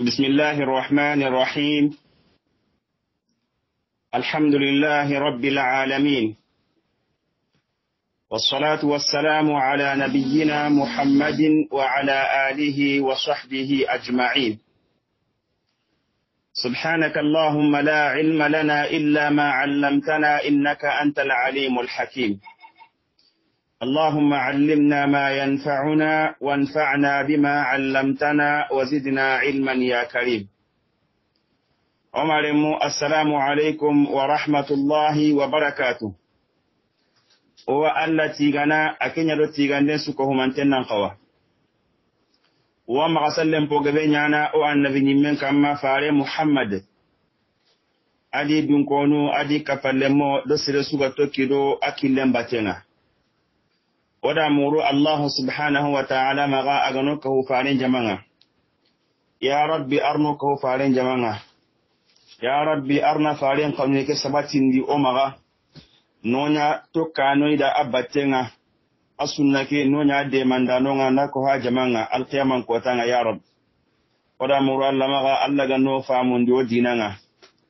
بسم الله الرحمن الرحيم الحمد لله رب العالمين والصلاة والسلام على نبينا محمد وعلى آله وصحبه أجمعين سبحانك اللهم لا علم لنا إلا ما علمتنا إنك أنت العليم الحكيم اللهم علمنا ما ينفعنا وانفعنا بما علمتنا وزدنا علما يا كريم عمر السلام عليكم ورحمة الله وبركاته هو ألا تيغانا أكين يدو تيغان دين سكوه من تنان قوى وما غسلم بغبينيانا أو النبي نمين كما فاري محمد أدي بنكونو أدي كفلمو دسر سوغتو كيدو أكي لمباتينا Wada muru allahu subhanahu wa ta'ala maga agano kahu faren jama'a ya rabbi arno kahu faren jama'a ya rabbi arna faren kamne ke sabatin di o nonya to kanoi da abatenga asunna ke nonya de mandanonga na ko ha jama'a alqiyaman ko tanga ya rabbi Wada muru allah maga allah gano famundi o dinanga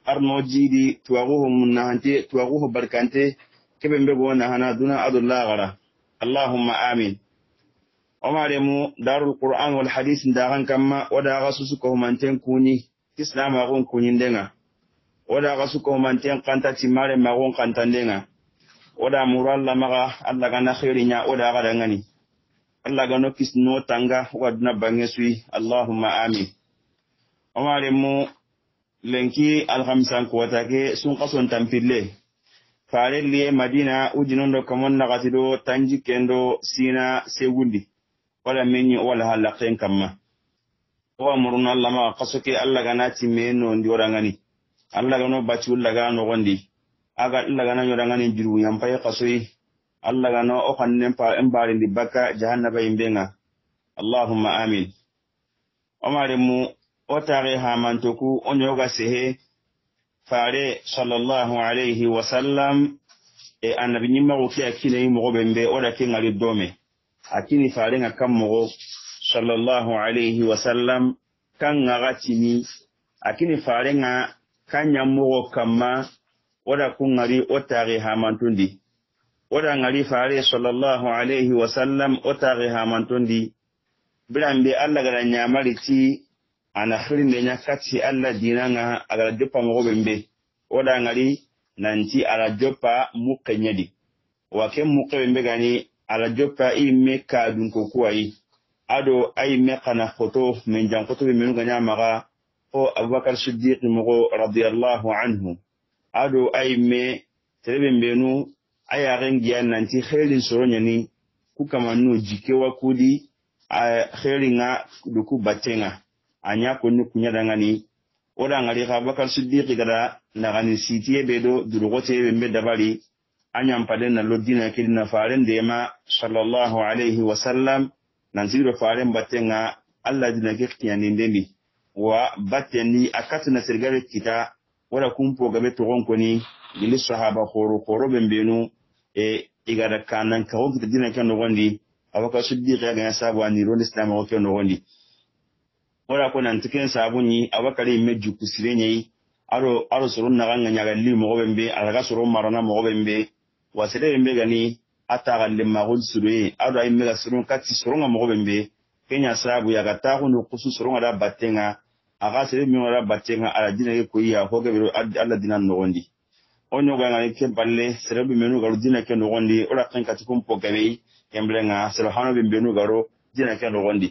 arno jidi tuwaxuhu mun naxante tuwaxuhu barkante kebe mbe goo hana duna adu gara. allahumma amin omare mu darul qur'an wal hadith ndaxan kamma wo daxa susukohumanten kuni islamaxun kuñindenga wo daxa sukohumanten xanta timmare maxun xantandenga wo da muru allah maxa allah gana xeriña wo daxadangani allah gano kisno tanga wo duna bange yi, allahumma amin omare mu lenki alhamisan kuwatake sun kaso xasontanpille faarelli e madina uji nonɗo kamon nagati ɗo tanji kendo sina segundi wala menñi o wala ha laken kam ma owa morno allah maga kasoke allah gana timme nondi oɗagani allah gano bacu laga nogondi aga allah gana yoɗagani jurguyampaye kasoyi allah gano o kannen en barindi bakka jahannaba yimɓenga allahumma amin omaremu o tare hamantoku o ñoga sehe Fare sallallahu alaihi wa sallam e annabi ñimmaxu ke a kinayi moxo ɓen ɓe oɗa ke ŋari dome fare nga kam kan go sallallahu alayhi wa sallam kan ŋaxa tini a kini farenga kan kama o da kun ari o taxi o da ngari fare sallallahu alaihi wa sallam o taxi hamantundi biran bilambe allah gada nyamari ti ana hirinde ñakkati allah dinanga agara joppa mogoɓe mbe oɗa ngari nanti ala joppa mukke ñadi wa ke mukkeɓe mbe gani ala joppa imme kadunko kuwayi aɗo me kana hoto min jankotoɓe minu maka o abubakar siddiqi mogo radiyallahu anhu aɗo ayimme tereɓe mbenu ayaxen giya nanti herin soroñani ku jike wa kudi nga duku batenga. anya kunni kunya dangani oda ngari ka bakar siddiqi gada nagani sitiye be do durugote be mbe dabari anyan paden na loddina kidina faren de ma sallallahu alaihi wa sallam nan siro faren battenga allah dina kiktiyani ndendi wa batteni na sirgare kita wala kumpo gabe togon koni gili sahaba horo horo be benu e igada kanan kawo kita dina kan nogondi abakar siddiqi ga ya sabu ani ron islam ko nogondi wala ko nanti ken sabu ni awakali me jukusire ni aro aro soro na ganga nyaga li mo bembe alaga soro marana mo bembe wasere bembe gani ata galle magul suru aro ay mega suru kati soro mo bembe kenya sabu ya gata ko no kusu soro nga batenga aga sere mi nga batenga ala dina ko ya hoge be ala dina no gondi onyo ganga ni keballe sere bi menu garu dina ke no gondi ora kan kati ko gabe yemblenga sero hanu bembe garo dina ke no gondi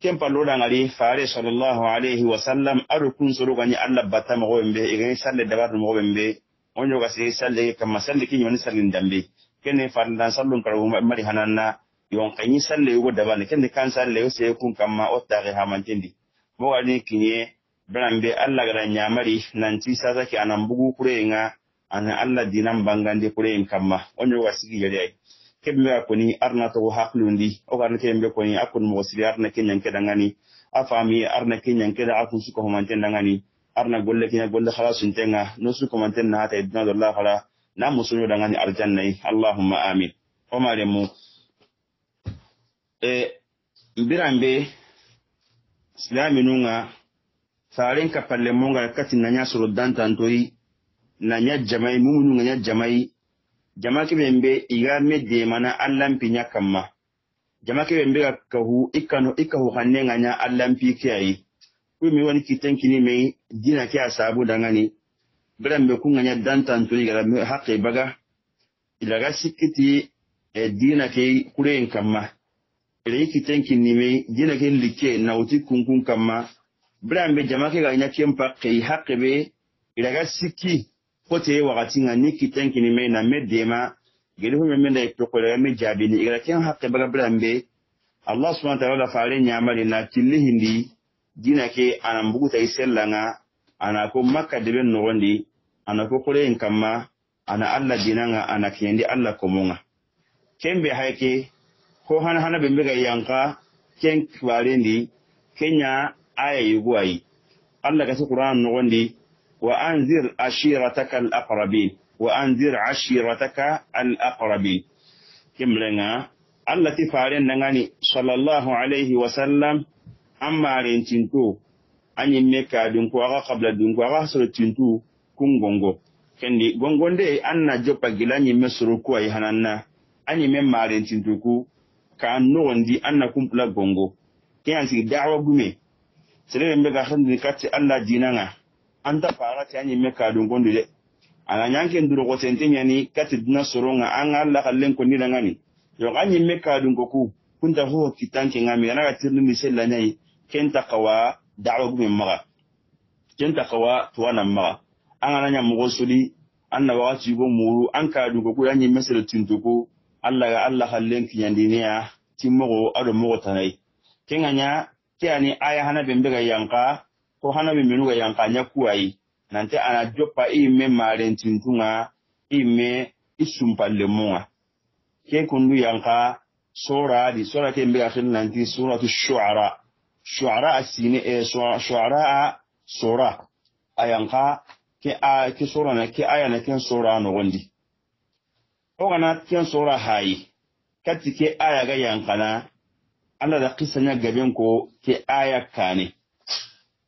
ken palloɗan ari fare sallallahu alaihi wa sallam aru kun suru sorogani allah batta mogoɓen ɓe egani salle dabarno mogoɓen ɓe on yoga sege salle kamma salle ke ken ne dambe kene farndan sallun kara mari hananna yon yonkañi salle yogo ken ne kan salle yose sege kun kamma o taxe hamantendi mogaɗin ani kinye brande allah ga nya mari nan ci sa zaki anan bugu kureyenga ana allah dinan bangande kureyen kamma onyo ga sigi yare ay keɓeɓe a kuni arna togo haklundi oga arna keɓeɓe koni a kon mogo siri arna ke ñanke dangani a faami arna ke ñankeda a kun suka homanten dangani arna golle kina golle hala suntenga no man homanten na hata iduna la hala na musuño dangani arjannayi allahumma amin omaremu e mbiranɓe silaminunga katin na nya kati naña na dantantoyi jamai jamayi mumununga nya jamai. jamaki men be iga me demana allanpi ɲa kanma jamaki men be ka kahu i kanu i kahu hanne ŋa ɲa allanpi ke ayi kumi wani mai dina ke a sabu da ngani biran be kun nya dantan tuni gara haƙe baga ilaga sikiti e dina ke kureyin kanma ilayi kiten ni mai dina ke na uti kunkun kanma biran be jamaki ga nya kempa pa kei haƙe be ilaga sikiti kote wakati nga ni kitenkini me na me dema gedi fu men da tokola me ni igara ken hakke baga brambe allah subhanahu wa ta'ala faare nyamali na tilli hindi dina ke anan buguta isella nga ana ko makka de ben nogondi ana ko kore en ana allah dina nga ana kiyandi allah komunga kembe hayke ko hana hana bembe yanka ken kibarendi kenya aya yugo ayi allah gasi qur'an nogondi وأنذر عشيرتك الأقربين وأنذر عشيرتك الأقربين كم لنا التي فارن نغني صلى الله عليه وسلم أما رنتنتو أني ميكا دنكوارا قبل دنكوارا سرتنتو كن غنغو kendi gongonde anna joppa gila ñimme sorokuwayi hananna a ñimme marentintuku ka nogondi anna kumpula gongo ke ansigi dawa gume serebe mbe ga handini allah dinanga anta fara ta nyi meka ka dun gondo de ana nyanke nduru ko sente nyani kati dina soronga an Allah kallen ko nila ngani yo ganyi meka ka dun ko ku kunta ho kitanke ngami ana ka tirni mi sella nyai kenta kawa da'wa gumi maga kenta kawa tuwana maga an ana nya mugo suli an na ci go muru an ka dun ko ku yanyi mesere tintuko Allah ga Allah kallen kinyandiniya timmogo ado mogo tanai kenganya ani aya hana bembe ga yanka ko hana mi minu ga yanka nya na ta ana jopa i me marentintunga i me i muwa ke kundu yanka sora di sura ke nan ti sura tu shu'ara shu'ara asine e shu'ara sora ayanka ke a ke sura na ke aya na ke sora no gondi o kana ke sura hayi kati ke aya ga yankana ana da kisanya gaben ko ke aya kane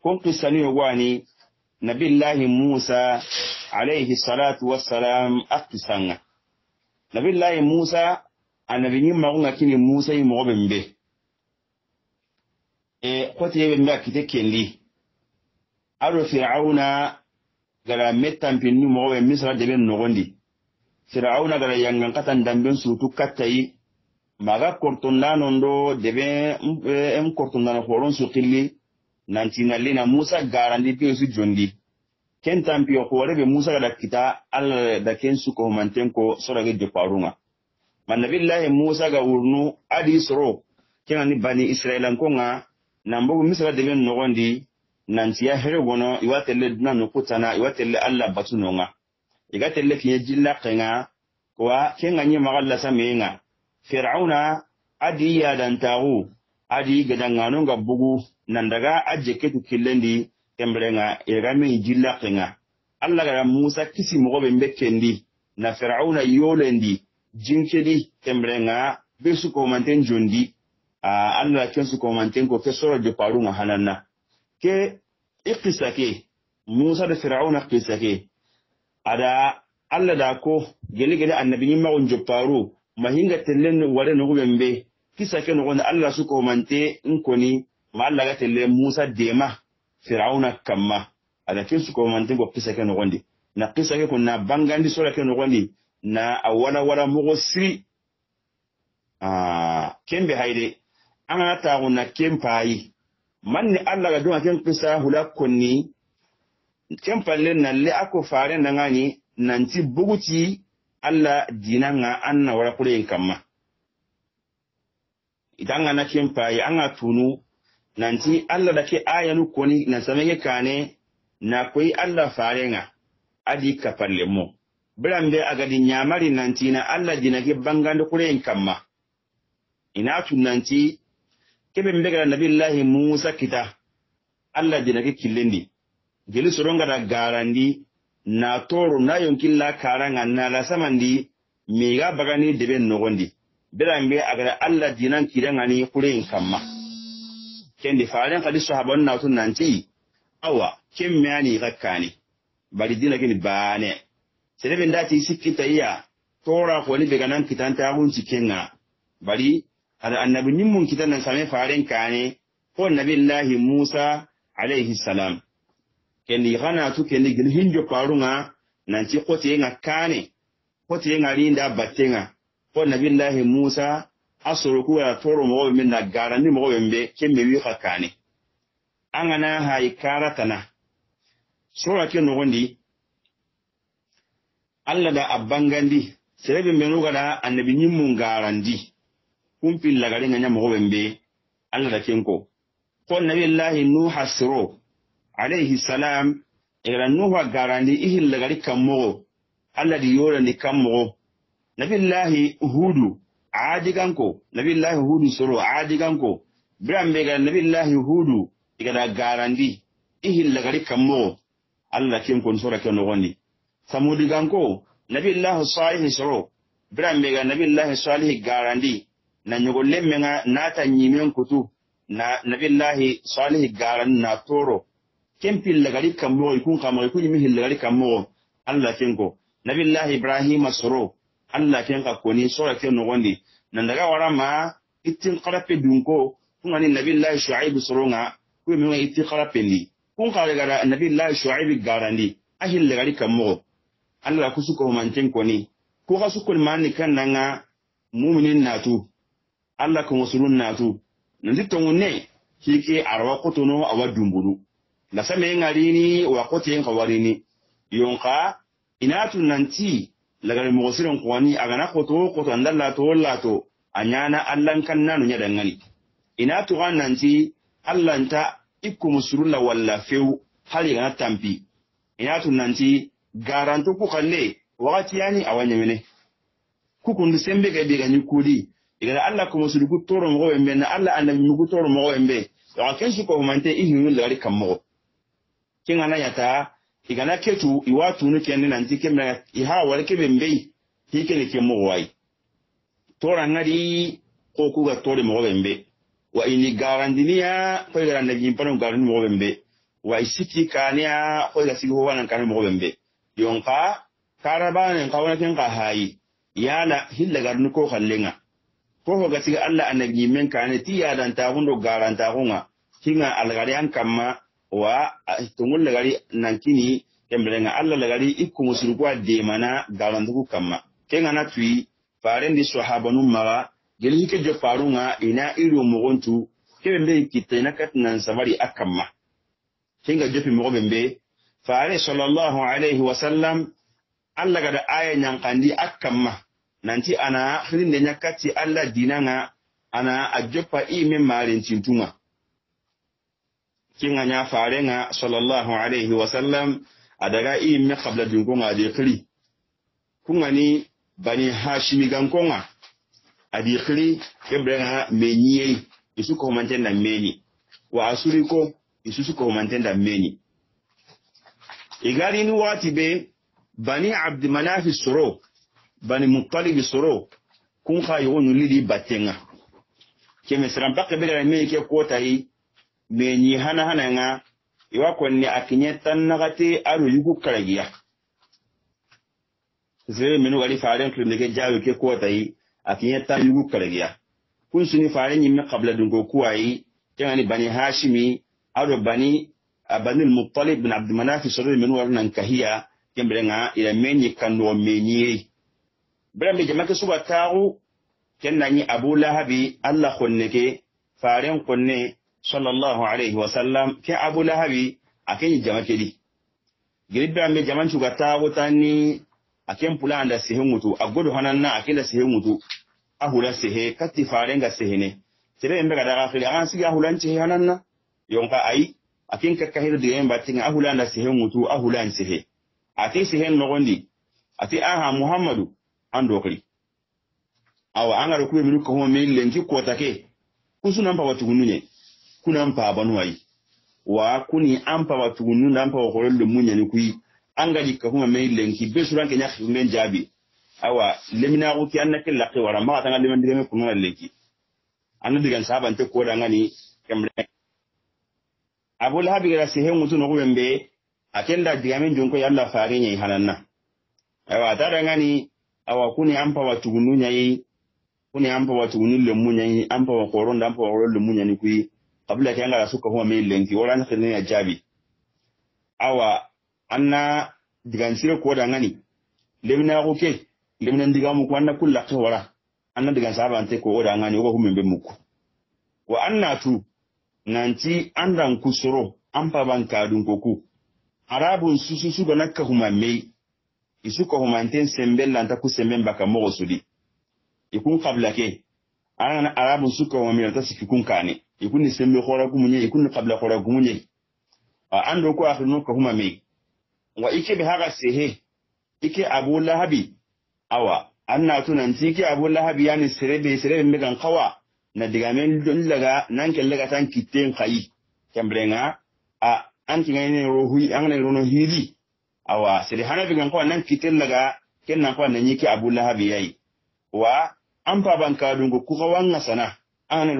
kun kon wa wani nabillahi musa alayhi salatu wassalam a qissanga nabillahi musa annabi ñin magunga kini musa yi mogo ɓen be e koteye ɓen be a kite kendi aɗo firauna gara mettanpinni mogo ɓe misra deɓen nogondi firauna gara yangan katan damben sutu kattayi maga kortondanon ɗo deɓe n kortondano horon su killi nantinalli na musa garandi piyo su jondi ken tampiyo ko warebe musa da kita alla da ken su ko humanten ko joparunga manabillahi musa ga urnu adi soro kena ni bani israilan ko nga nambogo misala deben nanti ya here gono iwa telle duna no kutana iwa telle alla batu no nga iga telle fiye jilla kenga wa kenga nyi magalla samenga fir'auna adi ya tau adi gadanganun ga bugu nan daga ajje ke tukillendi tembrenga irami kenga. allah gara musa kisi mogoɓe mbekkendi na firauna yolendi jinkedi tembrenga be sukomanten jondi a allah ken sukomanten ko kesora jeparu nga hanana. ke i kisa ke musa da firauna kisa ke ada allah da ko gele gele annabi ñimmagon joparu mahinga tellen ware noguɓen be kisa ke no na Allah su komante in ko ni ma Allah ga tele Musa dema Fir'auna kamma ada kin su komante go kisa ke no gondi na kisa ke kunna bangandi sura ke no gondi na awala wala mugo siri ah kembe haide ana ta na kempayi manni Allah ga duma kin kisa hulakonni kempalle na le ako fare na ngani nanti buguti Allah dinanga anna wala kure kamma idan ga na kin fayi an ga tunu nanti Allah da ke nu koni na same ke kane na koyi Allah farenga adi ka palle mo biran a a di nyamari nanti na Allah dina ke da kure kamma ina tun nanti kebe mbe nabi nabillahi Musa kita Allah dina ke killindi gili suronga da garandi na toro na yonkilla karanga na la samandi mega bagani debe nogondi biran a agada allah dinan kure in kamma kendi faren kadi sahaba na tun nanti awa ken meani kakkani bari dina kini baane sene ɓe ndati sikkita iya tora koni kitan ta kitanta hunci na bari ada annabi kitan nan same faren kane ko nabillahi musa alaihi salam kendi ganatu kendi gin hinjo parunga nanti kotiyenga kane kotiyenga rinda battenga fo nabillahi musa a soro ya toro mɔgɔ bɛ min na garandi mɔgɔ bɛ bɛ ke mɛ wi ka kani an kana hayi kara tana sora ke nɔgɔn di allah da a bangandi sere bɛ bɛ ka da annabi ɲimu garandi kun fi lagari ŋa ɲa mɔgɔ bɛ allah da ken ko fo nabillahi nuha soro alayhi salam igara nuha garandi ihi lagari kan mɔgɔ allah di ni kan mɔgɔ nabillahi hudu adiganko nabillahi hudu soro adiganko biran be ga nabillahi hudu igada garandi ihillagari kammogo alla ken kon sora ke nogoni samudiganko nabillahi salihi soro biran be ga nabillahi salihi garandi na ñogollen men ga nata ñimen kutu na nabillahi salihi garandi na toro ken pillagari kammo ikun kamago ikun yimi kammo allah alla ken ko nabillahi ibrahima soro alla ke ka koni sura ke daga nandaga ma ittin karape dunko Shu'aib suronga shuaibu mi wa itin itti ni kun karegara nabillahi shuaibu garandi ahillegari kammogo alla ku tin koni ko ka man ni kan ga muminin natu Allah ku musulun natu nandi tongunne hike arawa kotono awa same ngari ni wa koten ni yonka inatu nanti lagarimogo siren kuwani agana koto koto to lato to anyana allan kannanu nya dangani ina tuga allan ta ikku musrulla walla feu hali gana tampi ina nan nanti garanto ku kanne wakati yani awanyemene kukundu sembe ke be ganyu kudi igara alla ko musuru ku toro mo wembe na allah anda mi ku toro mo wembe yo shi ko humante ihi kan lari Kin kingana yata igana ketu iwa tunu kenne nanti kemna iha wale kebe mbei hike ne kemo wai tora ngari ko kuga tore mo bembe wa ini garandinia ko gara na gimpano garani mo bembe wa isiki kania ko ga sigi ho wanan kanu mo bembe yonka karabanen kawna ken ka hayi yana hilla garnu ko kallenga ko ho ga sigi alla annabi men kane ti yadan ta hundo garanta hunga kinga algariyan kamma wa tongu lagari nankini nga alla lagari ikumusurukwa demana kama. kamma kengana tui farendi sohaba numara, gelihike jo farunga ina iru mugontu kebembe kitta ina katnan sabari akama. kenga jopi mbe fare sallallahu alaihi sallam, alla gada aya nyankandi akama. nanti ana hirinde kati alla dinanga ana ajoppa ime marintintunga kinga fare farenga sallallahu alaihi wasallam adaga imme qabla dungonga de kun ani bani hashimi gankonga adi kri kebrenga menye isu ko da meni wa asuri ko isu su ko da meni igari ni wati be bani abd manafi suro bani muttalib suro kun ka yonu lidi batenga kemesran bakke bela meni ke kota yi menyi hana hana nga iwa ni akinye tan nagate aru yugu karagiya zai minu gari faren tulum da ke jawo ke kuwata yi akinye tan yugu karagiya kun suni faren yi min kabla dungo kuwa yi tangani bani hashimi aru bani bani muttalib bin abdumanafi sori minu waru nan kahiya nga ila menyi kando menyi bere mi jamake suwa taru kenda ni abu lahabi allah khonneke faren khonne sallallahu alaihi wa sallam ke abu lahabi akenyi jama kedi shuga ta wuta ni a kan pula da sihin mutu a a kan da sihin mutu a hula sehe farin farenga sehene sere embe ga daga kili agan sigi a hulan sehe hananna yonka ayi aken da digemen batin a hula da sihin mutu a hulan sehe ate sehen nogondi ti aha muhammadu an dokari awa an ga kube min kuma min lenki kotake kusunan gunu ne kunan pabanu ai wa kuni an ampa watu nunda ampa wa holollo munyani an angadi ka huma mai lenki be suran ke nyaki ngen jabi awa lemina ko ki annake laqi wara ma tanga lemen diga me kunna lenki anna diga saban te ko da ngani kamre abul habi ga se hen mutu no ko yembe akenda diga men jonko yalla faare nyi hananna awa ta tada ngani awa kuni an fa watu nunya yi kuni an ampa watu nullo munyani ampa wa an fa wa holollo munyani kui qabla kengara suka huma mai lenki wala ranar kene ya jabi awa an na digansire ko da ngani lemina ko ke lemna diga mu ko na kulla ta wara anna digan saba ta ko da ngani ko kuma be muku wa na tu nanti andan kusoro ampa ka dun koku arabun su suga nakka huma mei isuka huma ten sembella ta ku semben baka mogo sudi ikun kabila ke ana arabun suka huma ta anta sikikun kane ikuni sembe khora gumunye ikuni qabla khora a ando ko no ko huma me wa ike bi haga sehe ike abu lahabi awa anna tunan tike abu lahabi yani sirebe sirebe me kan kawa na diga men don laga nan ke laga tan kitten kai kembrenga a an ki ne rohi an ne rono hidi awa Sire hanabi kan kawa nan kitten laga ken nan kawa nan yike abu lahabi yayi wa an fa ban ka kadungo ku kawan sana ana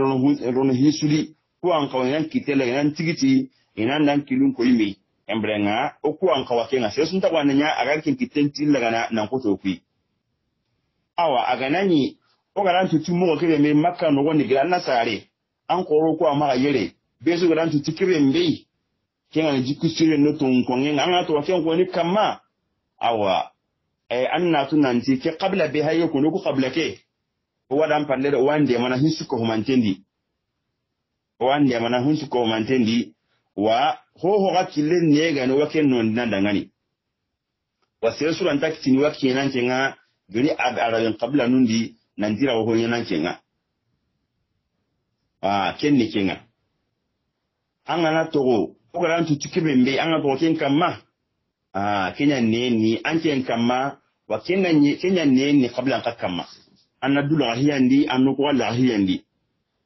rono hisuli ko an kawa yan kitela yan tigiti inan dan kilun ko yimi embrenga o ko an kawa kenga sai sun taba nanya a garkin kitenti laga na nan ko toki awa aga nani o garan tutu mo kire me makka no woni gran sare an koro ku ama yere su garan tutu kire mbi kenga jikusire no ton ko ngenga an to wafen ko ni kama awa eh anna tunanti ke qabla biha ku qabla ke o waɗan pallere o wandemana hin sukko humantendi o wandemana hin sukko humantendi wa hohoxa killen negani wa ken nondina dangani wa sere suranta kitini wa kenankenga geni araben kabila nundi nandira wo hoyenankenga a kenni kenga an gana togo o gara ntutu keben an ga togo ken kanma a ah, kenya neni an ken kanma wa kenya neni kabilan ka kanma anna du lahiyandi anno ko lahiyandi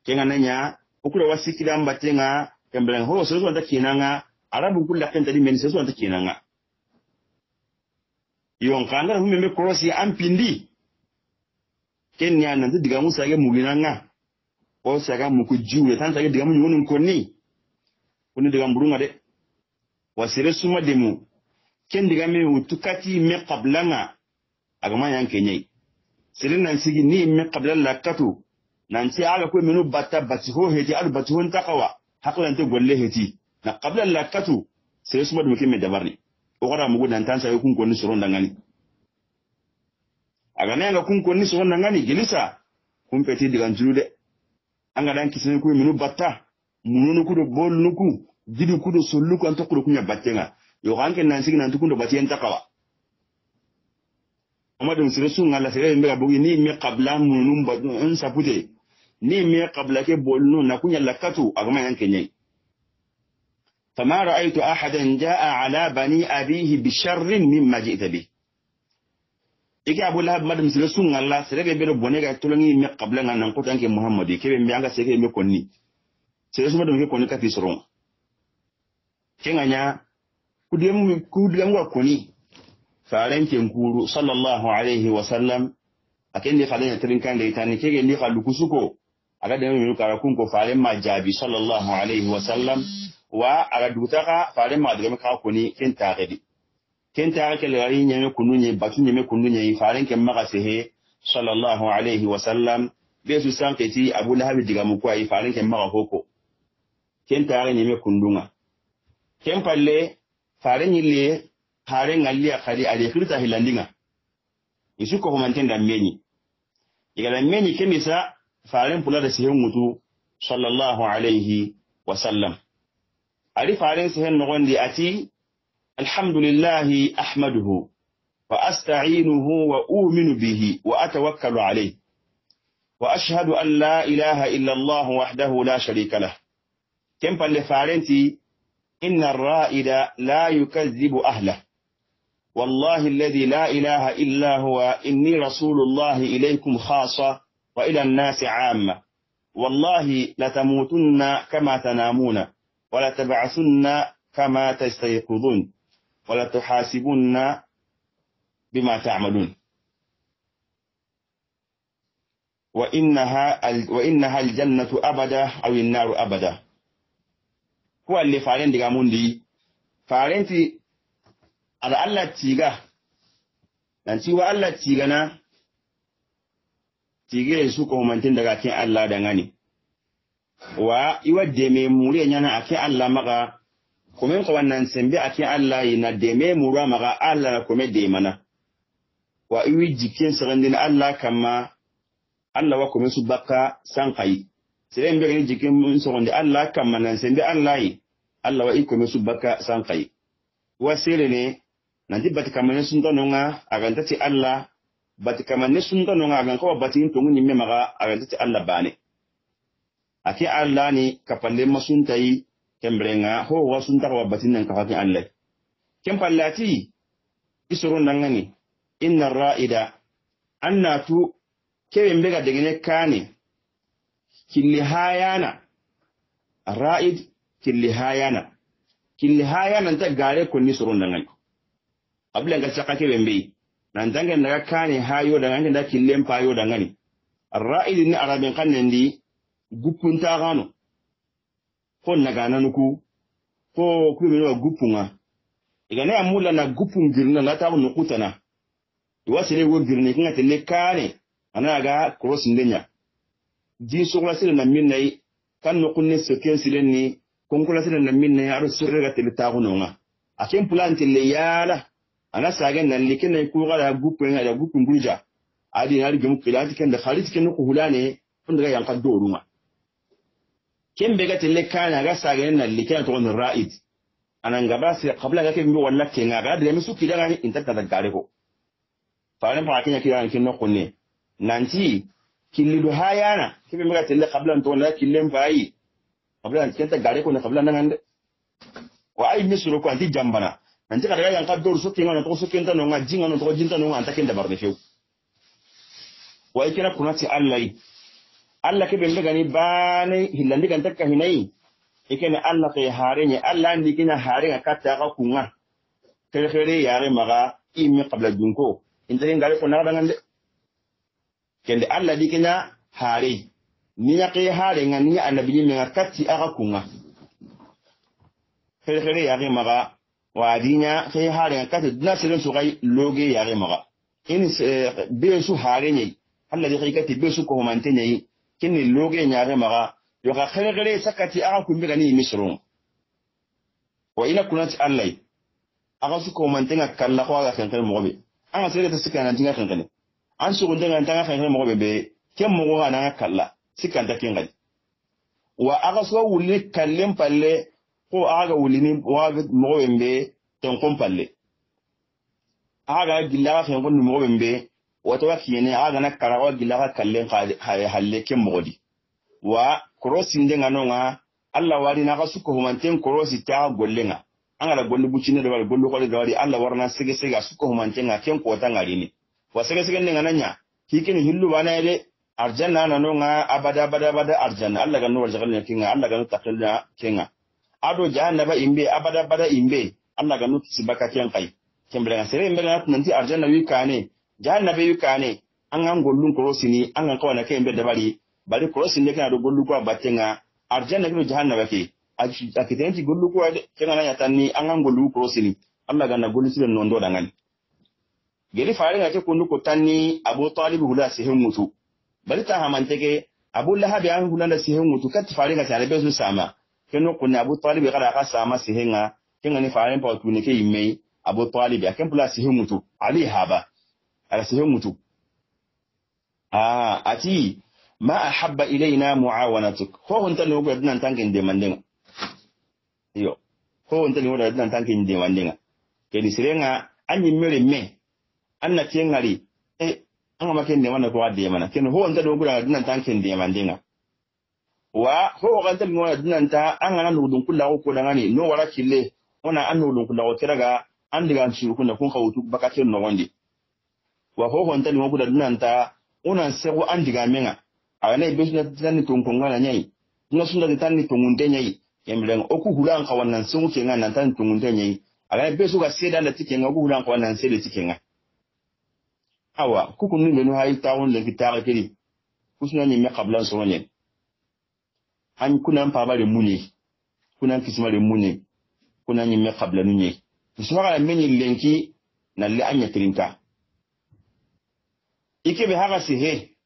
kenga nanya okura wasikira mbatenga kembele ho so so ndakinanga arabu kula kenta di menso so so ndakinanga yon kanga mu meme cross ya ampindi kenya nan diga musa ge muginanga o saga muku juwe tan saga diga mu nyonun koni kuni diga mburunga de wasire suma demu ken diga me utukati me qablanga agama yan kenyai sirin nan sigi ni me qabila lakatu nan ci aga ko minu batta bati ho heti al bati hon takawa haklan te golle heti na qabila lakatu sere suma dum kimme dabarni o gara mugo nan tan sai kun ko ni soron dangani aga ne ga kun ko ni soron dangani gilisa kun peti digan julu de anga dan kisene ko minu batta mununu kudo bolnuku didi kudo solluku an to kunya battenga yo hanke nan sigi nan tukundo bati en takawa amadun sire sunga sai sire mbega bugi ni me qabla munum ba un sapute ni me qabla ke bolnu na kunya lakatu agama yanke nyai فما ahadan أحدا ala bani بني bi sharrin mimma ji'ta bi ike abu lahab madam sire sun Allah sire be bere bone ga tulangi me qabla ngan nan kutan ke muhammadu ke be sai ke me konni sire sun madam ke konni ka fi soron ke nganya kudem wa koni faren ken kuru sallallahu alaihi wa sallam akendi falen tirin kan dai tani kege ni khaluku suko aga da mi kara kun ko faren ma sallallahu alaihi wa sallam wa aga duta ka faren ma daga ka ko ni ken taqidi ken taqike le gari nyame kunu batun batu nyame kunu nyi faren ken maka sehe sallallahu alaihi wa sallam be su san keti abu lahabi diga mu ko ai faren ken maka koko ken taqike nyame kundunga ken palle faren nyi le hare ngalli a khali ale kirta hilandinga isu ko humanten da meni igala meni kemisa faren farin da sihin mutu sallallahu alaihi wa sallam ari faren sihin di ati alhamdulillahi ahmaduhu wa asta'inuhu wa uminu bihi wa atawakkalu alaihi wa ashhadu an la ilaha illa allah wahdahu la sharika lah kem palle farenti inna raida la yukazzibu ahlahu والله الذي لا إله إلا هو إني رسول الله إليكم خاصة وإلى الناس عامة والله لتموتن كما تنامون ولتبعثن كما تستيقظون ولتحاسبن بما تعملون وإنها, وإنها الجنة أبدا أو النار أبدا هو اللي فارين دي فارنتي ala tiga nanti wa alla tigana tige su ko mantin daga kin Allah da ngani wa iwa deme muri a ake Allah maka kumen ko wannan sembe ake Allah ina deme muru maka Allah na kume de mana wa iwi jikin sarandin Allah kama Allah wa kume su baka san kai siren be jikin mun sarandin Allah kama nan sembe Allah yi Allah wa ikume su baka san kai wa sirene nanti batikamane suntanonga agantati allah batikamane suntanonga agankawa batin tongu ñimme maga agantati allah bane ake allah ni nga ho wa howa suntakawa batin nan kafaki allah ken pallati isoro nangani inna ra'ida anna tu kewe mbega degene kani kili hayana ra'id kili hayana hayana nta gare konni soro nangani abilan ga chaka ke bembe nan dangan daga ne hayo da nan da killen payo da ngani arra'id ni arabin kanen di gupun ta gano ko naga nanuku ko kubi no gupunga ne amula na gupun girna na ta no kutana iwasile wo ne kinga tele kane anaga cross ndenya din sogla sila na min nayi kan no kunne soken silen ni konkula sila na min nayi aro sirra ga tele ta gano nga akin plan tele yala ana sagen nan likin nan ku gara gupin da gupin gurja adi na rigam kila tikan da kharit kin ku hulane kun daga yankan doruma kin be gatin le kana ga sagen nan likin to on ra'id anan gaba sai qabla ga kin bi walla kin ga da mi su kila ga in ta da gare ko faran fa kin kira kin no kunne nanti kilidu hayana kin be gatin le qabla to walla killen fayi qabla kin ta gare ko na qabla nan ande wa ai misru ko anti jambana anti kada yanka dor so kinga to so kinta no nga jinga no to jinta no nga anta kinda barne few wa ikira kuna ti allah allah ke bembe gani bane hilandi kan takka hinai ikene allah ke hare ni allah ni kina hare ka katta ka kunga kere kere yare maga imi qabla dunko inta ngale ko naga ngande kende allah di kina hare ni ya ke hare nga ni annabi ni nga katti aga kunga kere kere yare maga وعدينا في هاري كات ناسرين سوغي لوغي ياري مغا كين بيسو هاري ني هل لدي خي كات بيسو كومانتي ني كين لوغي ياري مغا يوغا خير غري سكاتي اغاكم بغني مصرون وإلا كنت ألاي أغاسو كومانتي كان لخوا غا خنقل مغبي أنا سيغي تسكان أنتي خنقل أن سوغن تنغان تنغان خنقل مغبي بي كم مغوغا نغا كالا سكان تكين غادي وأغاسو ولي كلم فالي ko aga wulini waawet mogo ɓe mbe tonkon palle aga gillaka fenkon ni mogo ɓe mbe wato wa fiyene agana karawa gillaka kallen halle ke mogodi wa korosi ndenga noga allah warina ka sukko humanten korosi te aga gollenga angala golli bucinedo wari golli kode gawari allah warana segesege a sukko humantenga ken kota ngarini wa segesege ndenga nanya hikini hillu banayede arjanna nanonga abada abada abada arjanna allah gannu warjakalina kenga allah gannu takilina kenga ado ba imbe abada bada imbe anna ga nutu sibaka kyan kai kembere sere imbe na tunanti arjanna wi kane be wi kane an an gollun ni an an kawana kai imbe dabari bari ne kana do gollu ko batenga arjanna jahanna ba ke akitenci gollu ko kenga na ni an an gollu ni amma ga na gollu sibe nondo ngani geri fare ga ce kunu ko tanni abu talib hula sihin mutu bari ta hamanteke abu lahabi an hula da sihin mutu kat fare ga tare be su sama kenu kunna abu talibi kada ka sama sihinga kinga ni faran pa tuni ke imei abu talibi akan pula sihin mutu ali haba ala sihin mutu ah ati ma ahabba ilaina muawanatuk ko hunta ne ko dinan tangin de mandin yo ko hunta ne ko dinan tangin de mandin ke ni sirenga anyi mere me anna tiengali e an ma ken ne mana ko ade mana ken ho hunta do gura dinan tangin de mandin wa ho ga gantel no adunan ta an ga nan dun kullahu ko dan ani no wara kille ona an no dun tira ga an diga an shi kunna kun baka tin no wande wa ho gantel mo kuda dunan ta ona se ko an diga menga ne be shi sunna ni tun kun ngana nyai na sunna tan tun mun ngunde nyai yambilen oku hulan ka wannan sun ke nan tan tun mun ngunde nyai ga be su ga seda da tike nga hulan ka wannan se da tike nga awa ku kun ni le no hayi tawon le kitare kiri kusna ni me qablan so nyen an kunan paba re mune kunan kuna re mune kunan yimme kabla nunye kisma kala meni lenki na le an anya tirinka ike be haka si he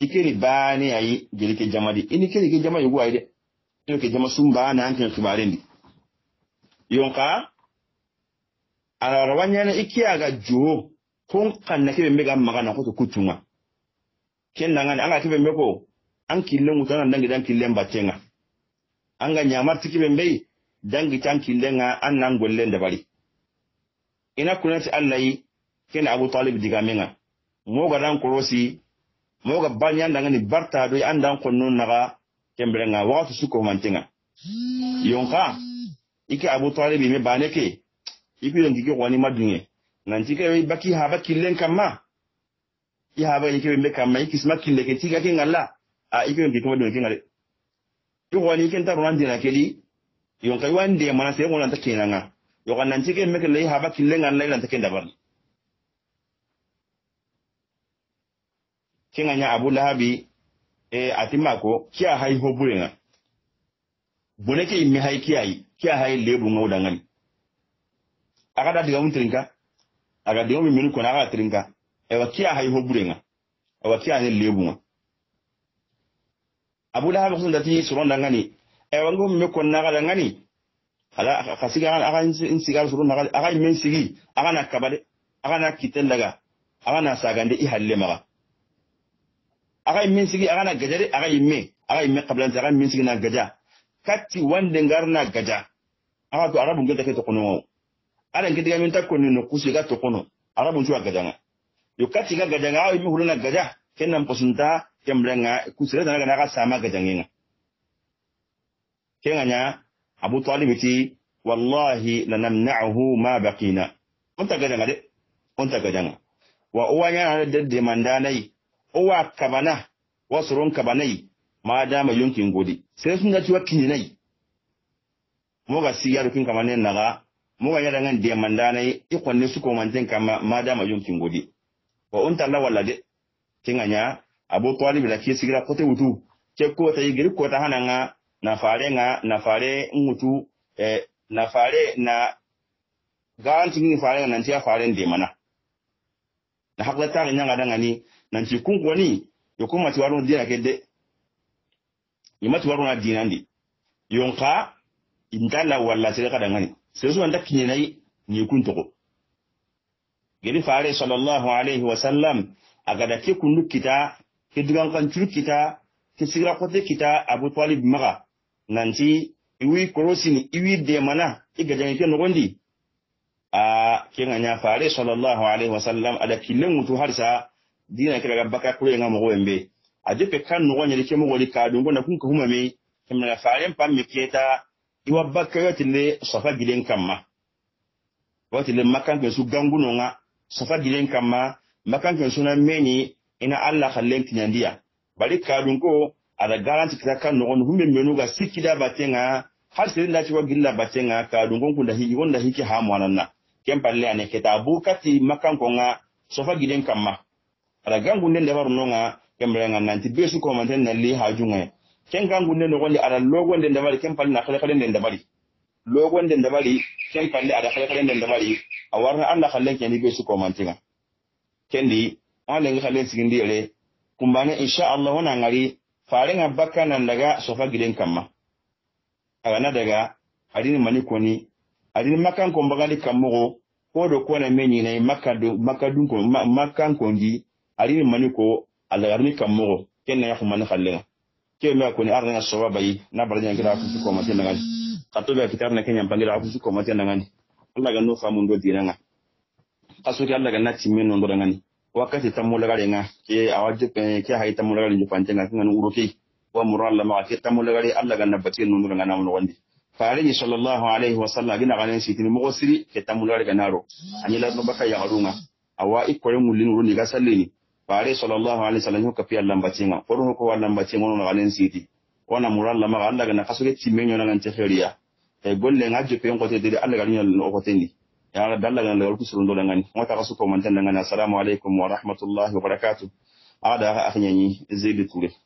ike ni bane ayi gelike jama di ini ke ke jama yugo ayde ne ke jama sumba na anke kibare ndi yonka ala rawanyana ike aga jo ko kan kanna ke be mega magana ko kutunga ken nangani ka ke be ko. an killen wutan nan dangi dan killen batenga an ga nyamar tiki ben bai dangi tan killen ga an nan gollen da bari ina ci Allah yi kina Abu Talib diga menga mo ga dan korosi mo ga banyan dan ni barta do an dan konnun naga kembrenga waqtu suko mantenga yonka ike Abu Talib me baneke ipi don gige wani madunye nan tika yi baki ha baki len kamma i ba yake be kamma ikisma kille ke tika ke ngalla a ikon ke kuma dokin ale duk wani kin ta ruwan dina kedi yon kai wan de mana sai wannan take nan ga yo kan nan cikin meke lai haba kin lengan lai nan take daban kin anya abu lahabi e atima ko kiya hai ho burenga boneke mi hai kiya yi kiya hai lebu ngauda ngani aga da diga mutrinka aga diga mi minu kona aga trinka e wa kiya hai ho burenga e wa kiya ne lebu ngauda abu haka sun da ti suron da ngani e wango me kon na gala ngani ala ka siga aga in siga suron na aga men sigi a na kabar a na kitan daga aga na sagande i halle a yi min sigi aga na gajare a me mai me a aga min sigi na gaja kati katti wande na gaja aga to arabu ngeta ke to kono ala ngeta men takko ni no kusiga to kono arabu gaja na yo kati ga a aga me hulunan gaja kenan posunta kemrenga kusere tana kana kasama ka jangenga kenganya abu talib ti wallahi lanamna'uhu ma baqina onta gadanga de onta gadanga wa uwa yana da demanda mandanai uwa kabana wasurun kabanai ma dama yunkin godi sai sun ga ciwa kininai moga si yaro kin kamanen naga moga yara ngan demanda nai ikon ne su ko manten kama ma dama yunkin godi wa unta la walla de kenganya abu talib la kisigira kote utu ke ko ta yigiri ko ta hananga na fare nga na fare ngutu eh, na fare na garanti ni fare na ntia fare ndi mana na hakla ta ni nga danga ni na kungwa ni yokoma ti waru ndi akede yima ti waru na dinandi yonka indala wala sire kada ngani sire so anda kinyenai ni kuntoko geri fare sallallahu alaihi wasallam agada ke kunu kita kidugan kancuru kita kisigira kote kita abu talib maga nanti iwi ni iwi demana igajani ke nogondi a ke nya fare sallallahu alaihi wasallam ada killen mutu harsa dina kira ga baka kure nga mogo embe aje pe kan nogo nya dike mogo lika dungo na kun huma me ke na fare pam me keta iwa baka yatile safa gilen wati le makan ke su gangu nga safa gilen kama makan ke na meni ina allah xallen kiñandiya bari kadun ko ada garanti kita kan onu humbe menu ga sikida batenga har sere ndati wa gilla batenga kadun kon kunda hiji wonda hiki ha mwananna kem palle ane keta bukati makan ko nga sofa giden kamma ada gangu nden de warno nga kemre nga nanti besu ko man tan nalli ha junga ken gangu nden nogon ada logo nden dabali kem palle na khale khale nden dabali logo nden dabali kem palle ada khale khale nden dabali awarna anda khalen ken besu ko man kendi alen halen sigindi ele kumbane insha Allah wana ngari fare nga baka nan daga sofa gidan kamma agana daga adini mani koni adini makan ko mbagali kamugo ko do ko na menyi ne makadu makadun ko makan ko ndi adini mani ko alagarni kamugo kenna ya kumana khallenga ke me koni ni arna soba bayi na barnya ngira ku ko matin ngani kato ga kitab na kenya bangira ku ko matin ngani Allah ga no famu ndo dinanga kaso ki Allah ga nati men ndo ngani wakati tammulagare nga ke awaje ke hay tammulagare ju pante nga ngani uruki wa muralla ma ke tammulagare Allah ganna batin nu ngana ngana wandi faare ni sallallahu alaihi wa sallam gina ganen sitini mugo siri ke tammulagare ganaro anyi la no baka ya garunga awa ikore mulin ni ga sallini faare sallallahu alaihi wa sallam ka fi Allah batinga foru ko Allah batinga no ganen siti wana muralla ma Allah ganna kasuke timenyo na ngante feriya e golle ngaje pe ngote dede Allah ganin kote ni ya dallagan da warku surun ngani gani ta rasu ko mantan dangana assalamu alaikum wa rahmatullahi wa barakatuh ada ahanyanyi zai da turai